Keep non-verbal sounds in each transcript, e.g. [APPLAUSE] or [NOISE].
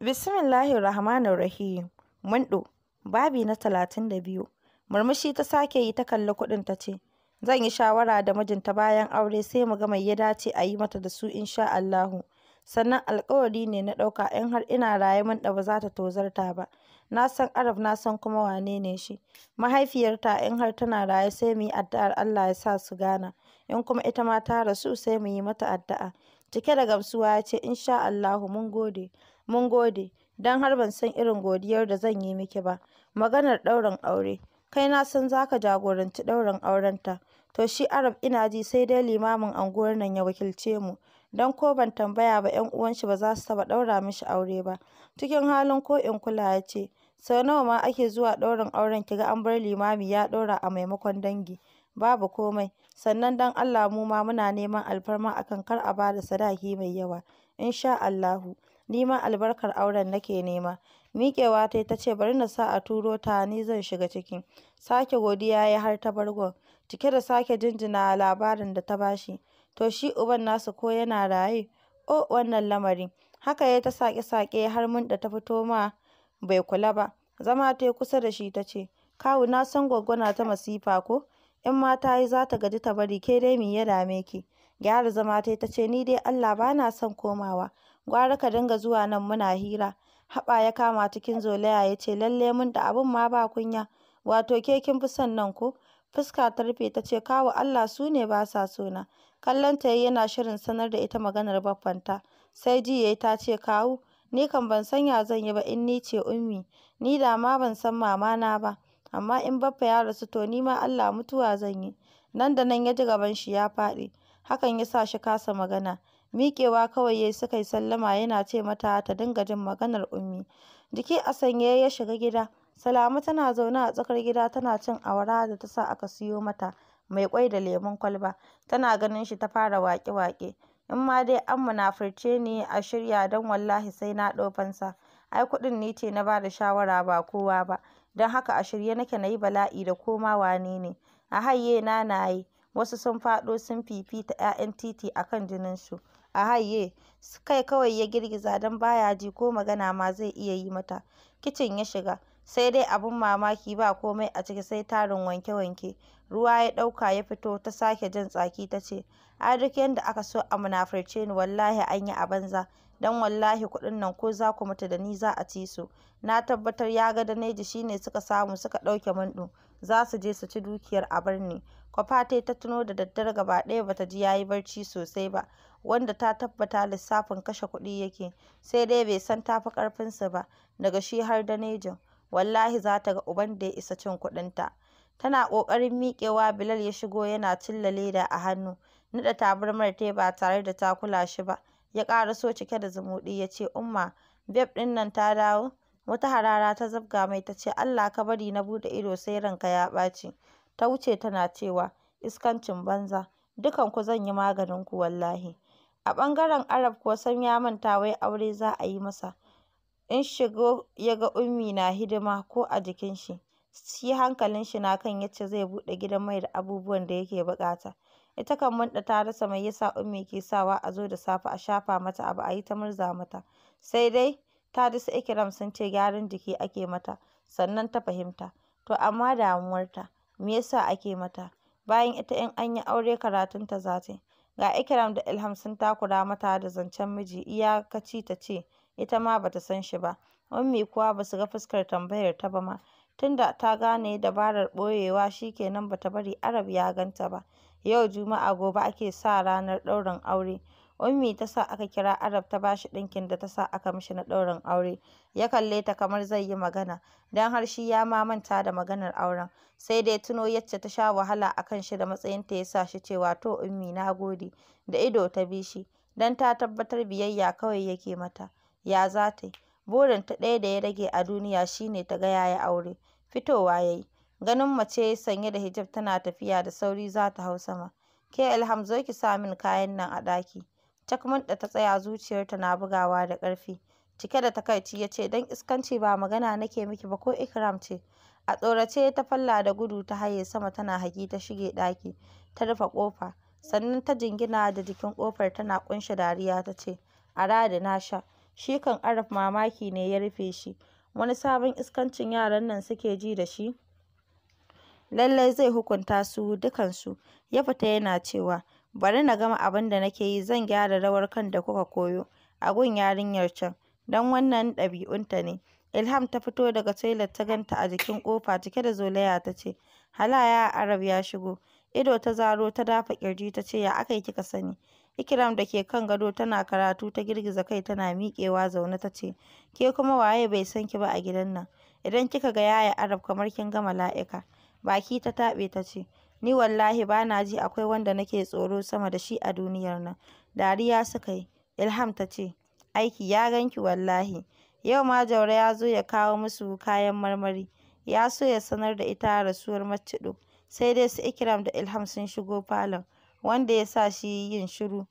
Bismillahirrahmanirrahim. Mundo, babi na talatin da biyu. Murmushi ta sake yi ta kalli kuɗin ta ce, Zan yi shawara da mijinta bayan aure sai mu ga mai ya dace a yi mata da su insha Allahu. Sannan alkawari ne na ɗauka in har ina raye Munɗa ba za ta tozarta ba. Na san Arab na san kuma wane ne shi. Mahaifiyarta in har tana raye sai mu yi addu'ar Allah ya sa su gana. In kuma ita ma ta rasu sai mu yi mata addu'a. Cike da gamsuwa ya ce, Insha Allahu mun gode. Mun gode, don har ban san irin godiyar da zan yi miki ba. Maganar ɗaurin aure, kai na san za ka jagoranci ɗaurin aurenta. To shi Arab ina ji sai dai limamin anguwar nan ya wakilce mu, don ko ban tambaya ba 'yan uwan ba za su taɓa ɗaura mishi aure ba. Cikin halin ko in kula ya ce, sau nawa ma ake zuwa ɗaurin auren ki ga an bar limami ya ɗaura a maimakon dangi. Babu komai, sannan don Allah mu ma muna neman alfarma akan kar a ba da sadaki mai yawa, in sha Allahu. ni ma albarkar auren nake nema. Miƙewa ta yi ta ce bari na sa a turo ta ni zan shiga ciki. Sake godiya ya yi har ta bargo. cike da sake jinjina labarin da ta ba shi. To shi uban nasu ko yana raye? Oh wannan lamari! Haka ya ta saƙe-saƙe har mun da ta fito ma bai kula ba. Zama ta yi kusa da shi ta ce, kawu na san gwaggwana ta masifa ko? In ma ta yi za ta gaji ta bari ke dai me ya dame ki? Gyara zama ta yi ta ce ni dai Allah ba na son komawa. Gwara ka dinga zuwa nan muna hira. Haɓa ya kama cikin zolaya ya ce, Lalle mun da abin ma ba kunya, wato ke kin fi son nan ko? Fuska ta rufe ta ce, kawo Allah su ne ba sa sona. Kallon ta yayi yana shirin sanar da ita maganar baffanta, sai ji ya yi ta ce, Kawu, ni kam ban san ya zan yi ba in ni ce Ummi, ni da ma ban san mama na ba, amma in baffa ya rasu to ni ma Allah mutuwa zan yi. Nan da nan ya ji gaban shi ya faɗi, hakan ya sa shi kasa magana. Miƙewa kawai ya yi suka yi sallama yana ce mata ta dinga jin maganar Ummi. Jiki a sanye ya shiga gida. salamu tana zaune a tsakar gida tana cin awara da ta sa aka siyo mata mai kwai da lemon kwalba. Tana ganin shi ta fara waƙe-waƙe. In ma dai an munafurce ni a shirya don wallahi sai na ɗau fansa. Ai kuɗin ni ce na ba da shawara ba kowa ba. Don haka a shirye nake na yi bala'i da koma wane ne. A haye na na yi. Wasu sun faɗo sun fifita 'ya'yan titi a kan jininsu. a haye kai kawai ya girgiza don baya ya ji ko magana ma zai iya yi mata kicin ya shiga sai dai abin mamaki ba komai a ciki sai tarin wanke-wanke ruwa ya ɗauka ya fito ta sake jan tsaki ta ce ai duk yadda aka so a munafurce ni wallahi an yi a banza don wallahi kuɗin nan ko za ku mutu da ni za a ci su na tabbatar ya ga daneji shine suka samu suka ɗauke ɗin. za su je su ci dukiyar a birni kwafatai ta tuno da daddare gaba ɗaya bata ji yayi barci sosai ba wanda ta tabbata lissafin kashe kuɗi yake sai dai bai san ta fi ƙarfinsa ba daga shi har danejin wallahi za ta ga uban da ya isa cin ta. tana ƙoƙarin miƙewa bilal ya shigo yana cilla leda a hannu naɗa tabarmar ta ba tare da ta kula shi ba ya ƙaraso cike da zumuɗi ya ce, Umma, babe ɗin ta dawo? Wata harara ta zabga mai ta ce, Allah ka bari na buɗe ido sai ranka ya ɓaci. Ta wuce tana cewa, iskancin banza, dukanku zan yi maganinku wallahi. A ɓangaren Arab kuwa sam ya manta wai aure za a yi masa. In shigo ya ga Ummi na hidima ko a jikin shi, shi hankalin shi na kan yace zai buɗe gidan mai da abubuwan da yake buƙata. ita kan Munda ta rasa mai yasa Ummi ke sawa a zo da safe a shafa mata abu a yi ta murza mata sai dai ta ji su ikiram sun ce gyaran jiki ake mata sannan ta fahimta to amma damuwarta me yasa ake mata bayan ita in an yi aure ta za ta yi ga ikiram da Ilham sun takura mata da zancen miji iyakaci ta ce ita ma bata san shi ba Ummi kuwa basu ga fuskar tambayar ta ba ma tunda ta gane dabarar ɓoyewa shikenan ta bari Arab ya ganta ba Yau Juma'a gobe ake sa ranar ɗaurin aure. Ummi ta sa aka kira Arab ta ba shi ɗinkin da ta sa aka mishi na ɗaurin aure. Ya kalle ta kamar zai yi magana, Dan har shi ya ma manta da maganar auren, sai dai tuno yacce ta sha wahala a kan shi da matsayinta ya sa shi cewa to Ummi na gode, da ido ta bi shi, don ta tabbatar biyayya kawai yake mata, ya za ta yi, burinta ɗaya da ya rage a duniya shine ta ga ya aure, fitowa ya yi. Ganin mace sanye da hijab tana tafiya da sauri za ta hau sama. Ke Ilham zo ki sa min kayan nan a ɗaki. da ta tsaya zuciyarta na bugawa da ƙarfi. Cike da takaici ya ce don iskanci ba magana nake miki ba ko Ikram ce. A tsorace ta falla da gudu ta haye sama tana haki ta shige ɗaki. Ta rufe ƙofa. Sannan ta jingina da jikin ƙofar tana ƙunshe dariya ta ce, Aradu na sha. Shi kan Arab mamaki ne ya rufe shi. Wani sabon iskancin yaran nan suke ji da shi. lallai zai hukunta su dukansu, ya fita yana cewa, bari na gama abin da nake yi zan gyara rawar kan da kuka koyo a gun yarinyar can, don wannan ɗabi'unta ne. Ilham ta fito daga toilet ta ganta a jikin kofa cike da zolaya ta ce, halaya Arab ya shigo. Ido ta zaro ta dafa ƙirji ta ce, ya aka yi kika sani? Ikiram da ke kan gado tana karatu ta girgiza kai tana miƙewa zaune ta ce, ke kuma waye bai san ki ba a gidan nan? Idan kika ga yaya Arab kamar kin gama mala'ika. Baki ta taɓe ta ce, Ni wallahi ba na ji akwai wanda nake tsoro sama da shi a duniyar nan. Dariya suka yi. Ilham ta ce, Aiki ya ganki wallahi. Yau ma Jauro ya zo ya kawo musu kayan marmari. Ya so ya sanar da ita rasuwar Maccido. Sai dai su ikiram da Ilham sun shigo falon, wanda ya sa shi yin shiru.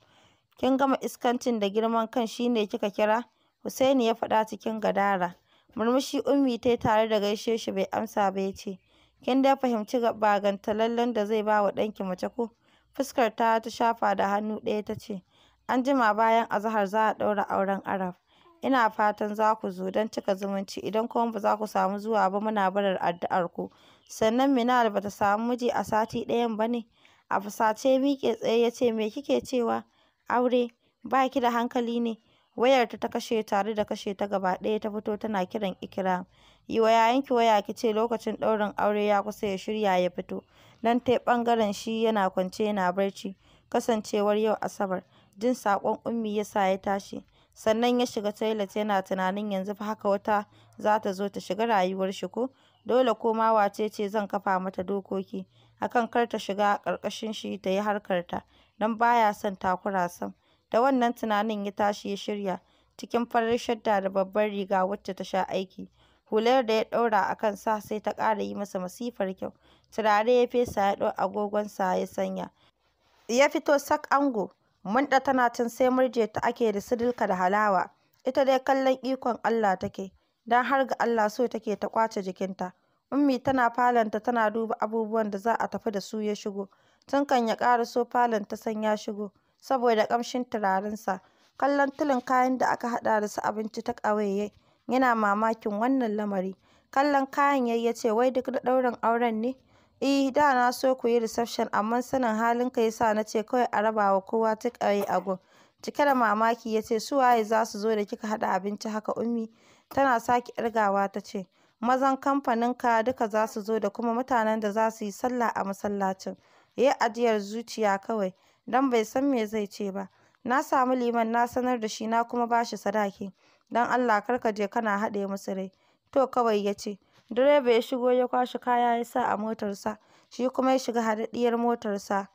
Kin gama iskancin da girman kan shi ne kika kira? Husaini ya faɗa cikin gadara. Murmushi Ummi ta tare da gaishe shi bai amsa ba ya ce, Kin dai fahimci ba gantalallen da zai ba wa ɗanki mace ko? Fuskar ta ta shafa da hannu ɗaya ta ce, An jima bayan azahar za a ɗaura auren arab Ina fatan za ku zo don cika zumunci, idan kuma ba za ku samu zuwa ba muna barar addu'ar ku Sannan Minal ba ta samu miji a sati ɗayan ba ne? A fusace miƙe tsaye ya ce, Me kike cewa? Aure, ba ki da hankali ne? wayar ta ta kashe tare da kashe ta gaba ɗaya ta fito tana kiran Ikira. Yi wa waya ki ce lokacin ɗaurin aure ya kusa ya shirya ya fito. Nan ta ɓangaren shi yana kwance yana barci. Kasancewar yau Asabar, jin sakon Ummi ya sa ya tashi. Sannan ya shiga toilet yana tunanin yanzu fa haka wata za ta zo ta shiga rayuwar shi ko? Dole ko ma wace ce zan kafa mata dokoki akan kar ta shiga ƙarƙashin shi ta yi harkarta don baya son takura sam. Da wannan tunanin ya tashi ya shirya, cikin farar shadda da babbar riga wacce ta sha aiki. Hular da ya ɗaura a kan sa sai ta ƙara yi masa masifar kyau. Turare ya fesa ya ɗau agogonsa ya sanya. Ya fito sak ango. Munɗa tana can sai murje ta ake da sidilka da halawa. Ita dai kallon ikon Allah take, dan har ga Allah so take ta kwace jikinta. Ummi tana falonta tana duba abubuwan da za a tafi da su ya shigo. Tun kan ya ƙara falon ta san ya shigo. saboda ƙamshin turarensa. Kallon tulin kayan da aka haɗa da su abinci ta ƙawaye yana mamakin wannan lamari. Kallon kayan yayi ya ce wai duk da ɗaurin auren ne? Eh da na so ku yi reception amma sanin halinka ya sa na ce kawai a raba wa kowa ta away a Cike da mamaki ya ce su waye za su zo da kika haɗa abinci haka ummi? Tana sake irgawa ta ce mazan kamfaninka duka za su zo da kuma mutanen da za su yi sallah a masallacin. Ya ajiyar zuciya kawai don bai san me zai ce ba. Na samu liman na sanar da shi na kuma ba shi sadaki. Don Allah kar ka je kana haɗe musu rai. To kawai ya ce. Direba ya shigo ya kwashe kaya ya sa a motarsa. Shi kuma ya shiga haɗaɗɗiyar motarsa.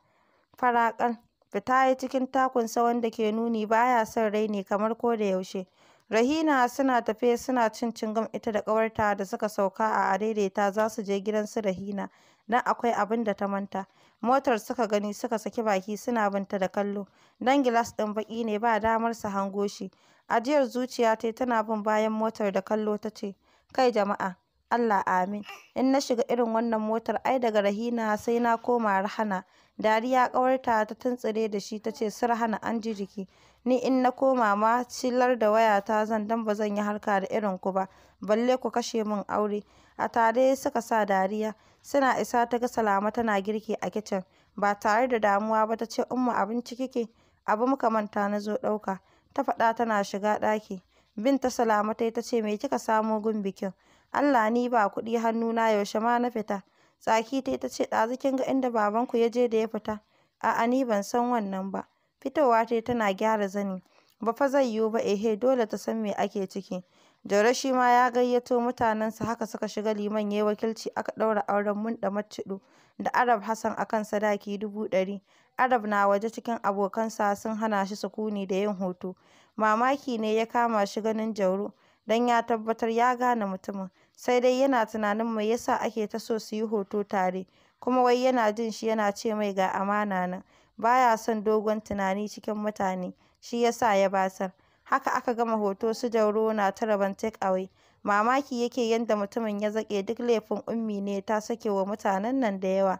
farakan Fita ya cikin takunsa wanda ke nuni baya son rai ne kamar ko da yaushe. Rahina suna tafe suna cin cin gam ita da ƙawarta da suka sauka a adaidaita za su je gidan su Rahina don akwai abin da ta manta. Motar suka gani suka saki baki suna binta da kallo dan gilas ɗin baƙi ne ba damar sa hango shi. Ajiyar zuciya ta tana bin bayan motar da kallo ta ce, Kai jama'a, Allah amin. In na shiga irin wannan motar ai daga Rahina sai na koma Rahana. Dariya ƙawarta ta tuntsire da shi ta ce su Rahana an ji jiki. Ni in na koma ma cilar da wayata zan dan ba zan yi harka da irin ku ba, balle ku kashe min aure. A tare suka sa dariya. Suna isa ta ga Salama tana girki a kicin. Ba tare da damuwa ba ta ce, Umma abinci kike? Abu muka manta na zo ɗauka. Ta faɗa tana shiga ɗaki. Binta Salama ta ta ce, Me kika samo gun bikin? Allah ni ba kuɗi hannuna yaushe ma na fita. Tsaki ta ta ce, Ɗazu kin ga inda babanku ya je da ya fita? A'a ni ban san wannan ba. Fitowa ta tana gyara zani Ba fa zai yiwu ba ehe, dole ta san me ake ciki. Jauro shi ma ya gayyato mutanensa haka suka shiga Liman ya wakilci aka ɗaura auren Munda Matcidu da Arab Hassan a kan sadaki dubu ɗari. Arab na waje cikin abokansa sun hana shi sukuni da yin hoto. Mamaki ne ya kama shi ganin Jauro, don ya tabbatar ya gane mutumin, sai dai yana tunanin me yasa ake ta so su yi hoto tare, kuma wai yana jin shi yana ce mai ga amana nan. ba ya son dogon tunani cikin mutane, shi ya sa ya basar. Haka aka gama hoto su Jauro na ta rabon take-away. Mamaki yake yadda mutumin ya zaƙe duk laifin Ummi ne ta sake wa mutanen nan da yawa.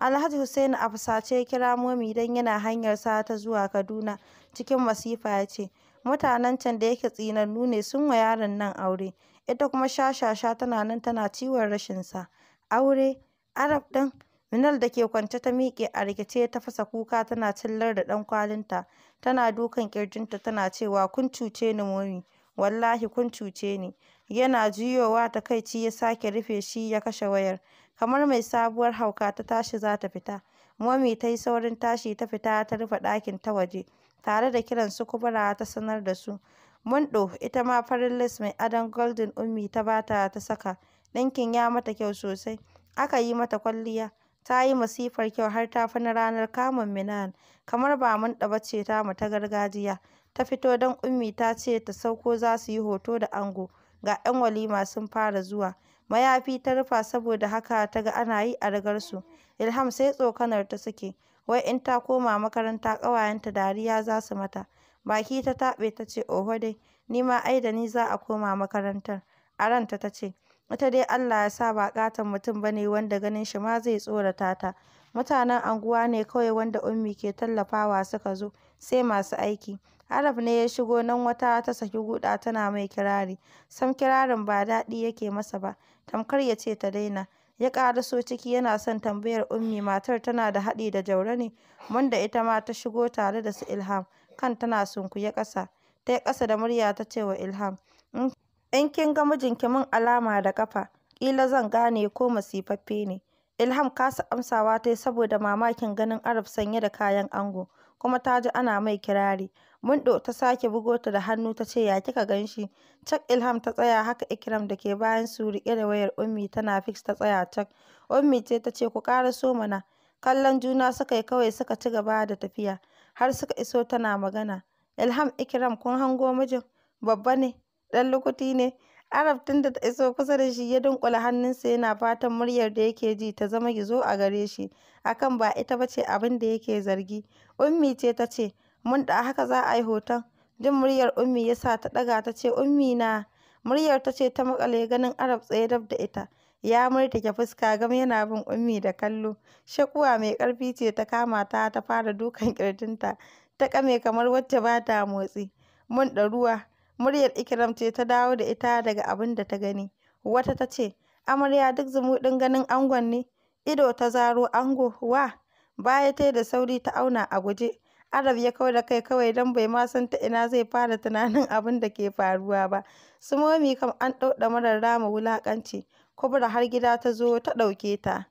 Alhaji Hussein a fusace ya kira Momi don yana sa ta zuwa Kaduna cikin masifa ya ce, mutanen can da yake tsinannu ne sun wa yaron nan aure, ita kuma shashasha tana nan tana ciwon rashin sa Aure? Arab ɗin? Minal da ke kwance ta miƙe a rikice ta fasa kuka tana cillar da ɗan kwalinta, tana dukan ƙirjinta tana cewa, "Kun cuce ni mummy, wallahi kun cuce ni." Yana juyowa takaici ya sake rufe shi ya kashe wayar. Kamar mai sabuwar hauka ta tashi za ta fita. Mummy ta yi saurin tashi ta fita ta rufe ɗakin ta waje, tare da kiran su Kubura ta sanar da su. ɗo. ita ma farin lace mai adon golden Ummi ta bata ta saka, ɗinkin ya mata kyau sosai, aka yi mata kwalliya. ta yi masifar kyau har ta fi na ranar kamun minan kamar ba mun ba ce tamu ta gargajiya. Ta fito don Ummi ta ce ta sauko za su yi hoto da ango, ga 'yan walima sun fara zuwa. Mayafi ta rufa saboda haka ta ga ana yi a rigarsu. Ilham sai tsokanar ta suke, wai in ta koma makaranta ƙawayenta dariya za su mata. Baki ta taɓe ta ce oho dai, ni ma ai da ni za a koma makarantar. A ranta ta ce, Ita dai Allah ya sa ba mutum bane wanda ganin shi ma zai tsorata ta. Mutanen anguwa ne kawai wanda Ummi ke tallafawa suka zo, sai masu aiki. Arab ne ya shigo nan wata ta saki guda tana mai kirari. Sam kirarin ba daɗi yake masa ba, tamkar ya ce ta daina. Ya so ciki yana son tambayar Ummi matar tana da haɗi da Jauro ne, wanda ita ma ta shigo tare da su Ilham, kan tana sunkuye ƙasa. Ta ƙasa da murya ta ce wa Ilham, In kin ga mijinki min alama da ƙafa, ƙila zan gane ko masifaffe ne. Ilham kasa amsawa ta yi saboda mamakin ganin Arab sanye da kayan ango, kuma ta ji ana mai kirari. Mundo ta sake bugo ta da hannu ta ce, ya kika gan shi? Cak Ilham ta tsaya haka Ikram da ke bayan su riƙe da wayar Ummi tana fix ta tsaya cak. Ummi ce ta ce, ku ƙara so mana. Kallon juna suka yi kawai suka ci gaba da tafiya, har suka iso tana magana. Ilham Ikram kun hango mijin? Babba ne, dan lukuti ne. Arab tun da ta iso kusa da shi ya dunƙule hannunsa yana fatan muryar da yake ji ta zama gizo a gare shi akan ba ita ba ce abin da yake zargi. Ummi ce ta ce, mun da haka za a yi hoton. Jin muryar Ummi yasa ta ɗaga ta ce, Ummi na. Muryar ta ce ta makale ganin Arab tsaye dab da ita. Ya murtuke fuska gam yana bin Ummi da kallo. Shakuwa mai karfi ce ta kama ta ta fara dukan kirjinta Ta kame kamar wacce ba ta motsi. Mun da ruwa. Muryar ikiram ce ta dawo da ita daga abin da ta gani. Wata ta ce, Amarya duk zumuɗin ganin angon ne, ido ta zaro ango, wa! Baya ta da sauri ta auna a guje. Arab ya kawo da kai kawai don bai ma san ta ina zai fara tunanin [LAUGHS] abin da ke faruwa ba. Su momi kam an ɗauɗa marar rama wulaƙanci, kubra har gida ta zo ta ɗauke ta.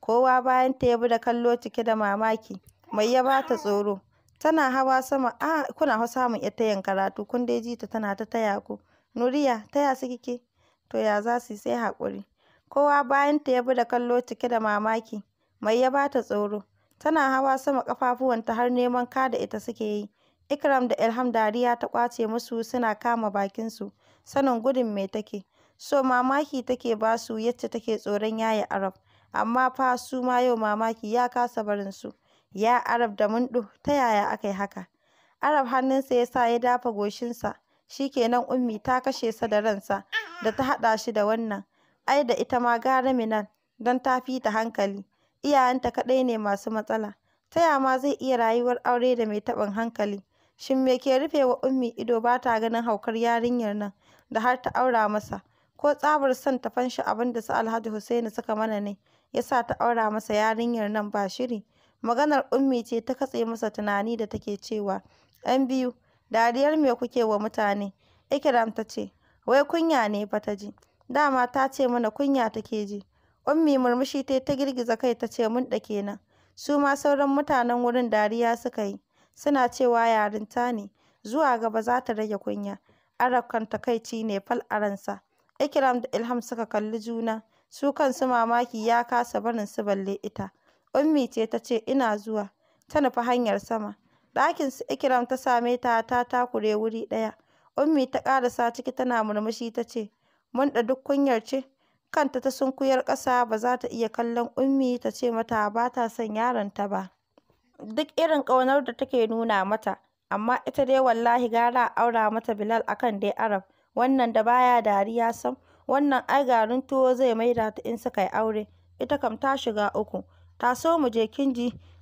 Kowa bayan ta ya bi da kallo cike da mamaki, mai ya ba ta tsoro. tana hawa sama a kuna hau samun yar tayan karatu kun dai ji ta tana ta taya ku nuriya taya su kike to ya za su sai haƙuri kowa bayan ta ya bi da kallo cike da mamaki mai ya bata tsoro tana hawa sama kafafuwanta har neman ka da ita suke yi ikram da ilham dariya ta kwace musu suna kama bakinsu sanin gudun me take so mamaki take basu yacce take tsoron yayi arab amma fa su ma yau mamaki ya kasa barin su Ya Arab da Mundu, ta yaya aka yi haka? Arab hannunsa ya sa ya dafa goshinsa, shi kenan Ummi ta kashe sa da ransa da ta haɗa shi da wannan, ai da ita ma gara Minan don ta fi ta hankali, iyayenta kaɗai ne masu matsala, ta ya ma zai iya rayuwar aure da mai taɓin hankali? Shin me ke rufe wa Ummi ido ba ta ganin haukar yarinyar nan da har ta aura masa? Ko tsabar son ta fanshi abin da su Alhaji Hussaini suka mana ne ya sa ta aura masa yarinyar nan ba shiri? Maganar Ummi ce ta katse masa tunani da take cewa, ‘yan biyu, dariyar me kuke wa mutane? ikiram ta ce, wai kunya ne ba ta ji, dama ta ce mana kunya take ji. Ummi murmushi ta ta girgiza kai ta ce mun da kenan. Su ma sauran mutanen wurin dariya suka yi, suna cewa yarinta ne, zuwa gaba za ta rage kunya. Arakan takaici ne fal a ransa. ikiram da Ilham suka kalli juna, su kansu mamaki ya kasa barin su balle ita. Ummi ce ta ce, ina zuwa, ta nufi hanyar sama. ɗakin su Ikram ta same ta ta takure wuri ɗaya. Ummi ta ƙarasa ciki tana murmushi ta ce, mun da duk kunyar ce. Kanta ta sunkuyar ƙasa ba za ta iya kallon Ummi ta ce mata ba ta son ta ba. Duk irin ƙaunar da take nuna mata, amma ita dai wallahi gara aura mata Bilal akan dai Arab, wannan da baya dariya sam, wannan ai garin tuwo zai maida ta in suka yi aure, ita kam ta shiga uku. Taso mu je kin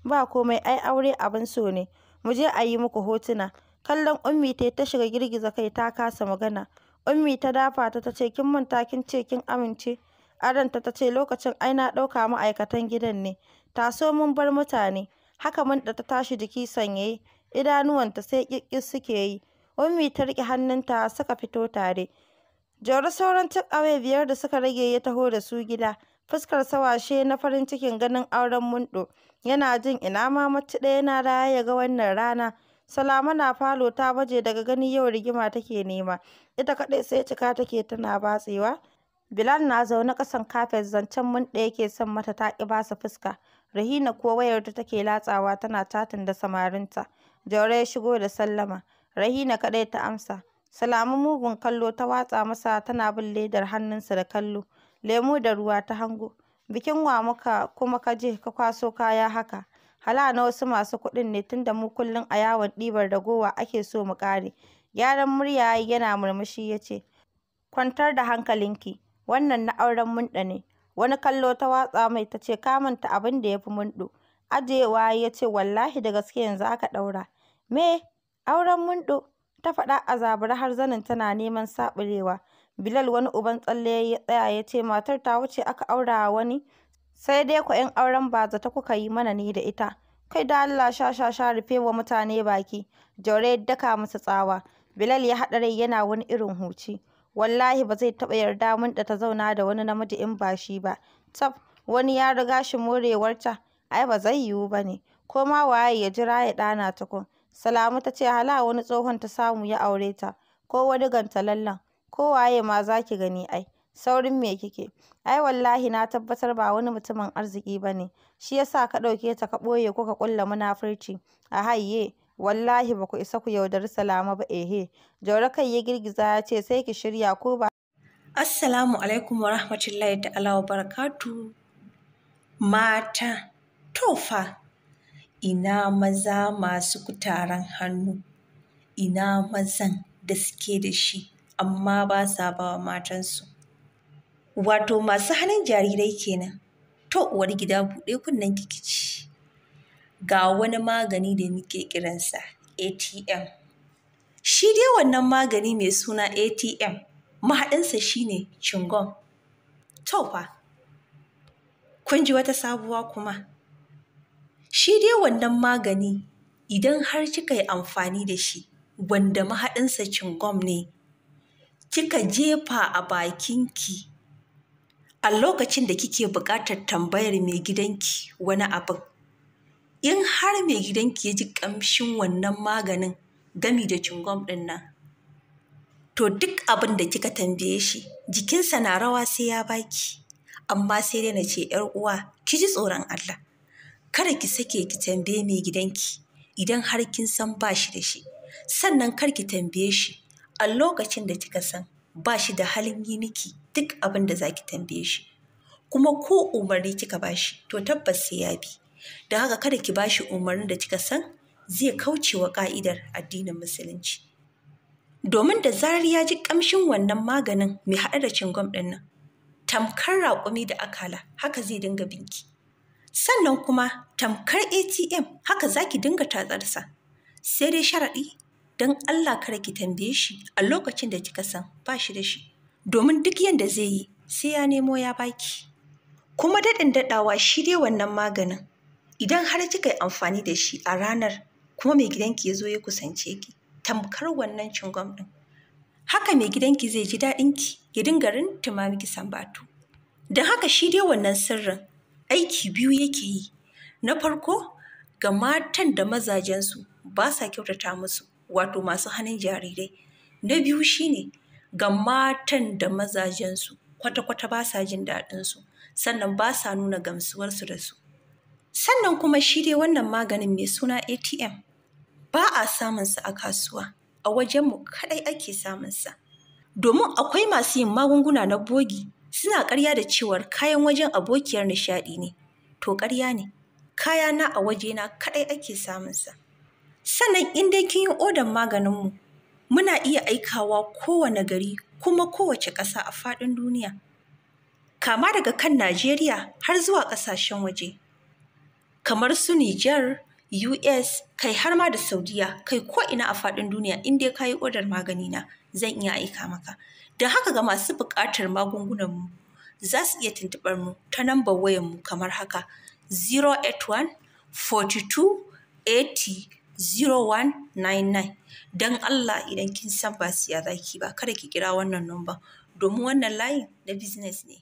ba komai ai aure abin so ne, mu je a yi muku hotuna. Kallon Ummi ta ta shiga girgiza kai ta kasa magana. Ummi ta dafa ta tace ce kin manta kin ce kin amince. A ta ce lokacin ai na ɗauka ma'aikatan gidan ne. Taso mun bar mutane. Haka mun ta tashi jiki sanyaye. Idanuwanta sai ƙiƙƙis suke yi. Ummi ta rike hannunta suka fito tare. Jauro sauran cik awe biyar da suka rage ya taho da su gida. fuskar sawashe na farin cikin ganin auren Munɗo, yana jin ina ma mace ɗaya na raya ya ga wannan rana. Salama na falo ta baje daga gani yau rigima take nema, ita kaɗai sai cika take tana batsewa. Bilal na zaune ƙasan kafet zancen ɗaya yake son mata ta ƙi basa fuska. Rahina kuwa wayarta take latsawa tana tatin da samarinta. Jauro ya shigo da sallama. Rahina kaɗai ta amsa. Salamu mugun kallo ta watsa masa tana bin ledar hannunsa da kallo. Lemu da ruwa ta hango. Bikin wa muka kuma ka je ka kwaso kaya haka? Hala na wasu masu kuɗin ne tunda mu kullum a yawon ɗibar da gowa ake so mu ƙare. Gyaran murya yana murmushi ya ce, Kwantar da hankalinki, wannan na auren munɗa ne. Wani kallo ta watsa mai ta ce, Ka manta abin da ya fi munɗo. Ajewa ya ce, Wallahi da gaske yanzu aka ɗaura. Me, auren munɗo? Ta faɗa a zabura har zanin tana neman saɓurewa. Bilal wani uban tsalle ya tsaya ya ce, matar ta wuce aka aura wani? Sai dai ku ƴan auren zata kuka yi mana ni da ita. Kai da Allah sha sha sha rufe wa mutane baki. Jauro ya daka masa tsawa. Bilal ya haɗa rai yana wani irin huci. Wallahi ba zai taɓa yarda mun da ta zauna da wani namiji in ba shi ba. Tab, wani ya riga shi morewarta. Ai ba zai yiwu ba ne. Ko ma waye ya jira ya ɗana tukun. Salamu ta ce hala wani tsohon ta samu ya aure ta. Ko wani gantalallan ko waye ma za ki gani ai, saurin me kike? Ai wallahi na tabbatar ba wani mutumin arziki ba ne, shi ya sa ka ɗauke ta ka ɓoye ka ƙulla munafurci, A haiye! wallahi ba ku isa ku yaudari Salama ba ehe, Jauro kai ya girgiza ya ce sai ki shirya ko ba. Assalamu alaikum wa rahmatullahi ta'ala wa barakatu. Mata, tofa, ina maza masu kutaren hannu, ina mazan da suke da shi, amma ba sa ba wa matansu. Wato masu hannun jarirai kenan. To uwar gida buɗe kunnen kikici. Ga wani magani da muke kiransa ATM. Shi dai wannan magani mai suna ATM mahaɗinsa shine cingom. To fa, kun ji wata sabuwa kuma. Shi dai wannan magani idan har kika yi amfani da shi wanda mahaɗinsa cingom ne kika jefa a bakinki a lokacin da kike buƙatar tambayar mai gidanki wani abin. In har mai gidanki ya ji ƙamshin wannan maganin gami da cingom ɗin nan, to duk abin da kika tambaye shi jikinsa na rawa sai ya baki, amma sai dai na ce ‘yar uwa ki ji tsoron Allah, kada ki sake ki tambaye mai gidanki idan har kin san ba shi da shi, sannan kar ki tambaye shi a lokacin da kika san ba shi da halin yi miki duk abin da zaki tambaye shi kuma ko umarni kika ba shi to tabbas sai ya bi da haka kada ki ba shi umarnin da kika san zai kauce wa ka'idar addinin musulunci domin da zarar ya ji kamshin wannan maganin mai haɗe da cingom ɗin nan tamkar raƙumi da akala haka zai dinga binki sannan kuma tamkar atm haka zaki dinga tatsarsa sai dai sharaɗi don Allah kar ki tambaye shi a lokacin da kika san ba shi da shi domin duk yanda zai yi sai ya nemo ya baki kuma daɗin daɗawa shi dai wannan maganin idan har kika yi amfani da shi a ranar kuma mai gidanki ya zo ya kusance ki tamkar wannan cingom ɗin haka mai gidanki zai ji ki ya dinga rintuma miki sambatu don haka shi dai wannan sirrin aiki biyu yake yi na farko ga matan da mazajensu ba sa kyautata musu wato masu hannun jarirai. Na biyu shine ga matan da mazajensu kwata-kwata ba sa jin daɗinsu sannan ba sa nuna gamsuwarsu da su. Sannan kuma shi dai wannan maganin mai suna ATM ba a samunsa a kasuwa, a wajenmu kaɗai ake samunsa. Domin akwai masu yin magunguna na bogi suna karya da cewar kayan wajen abokiyar nishaɗi ne, to karya ne, kayana a waje na kaɗai ake samunsa. Sannan in dai kin yi odan maganinmu, muna iya aikawa kowane gari kuma kowace ƙasa a faɗin duniya. Kama daga kan Najeriya har zuwa ƙasashen waje. Kamar su Nijar, US, kai har ma da Saudiya, kai ko ina a faɗin duniya in dai ka yi odar magani na zan iya aika maka. Da haka ga masu buƙatar magungunanmu za su iya tuntuɓar mu ta nambar wayanmu kamar haka 081 42 80 0199 don Allah idan kin san ba siya zaki ba kada ki kira wannan numba domin wannan layin na business ne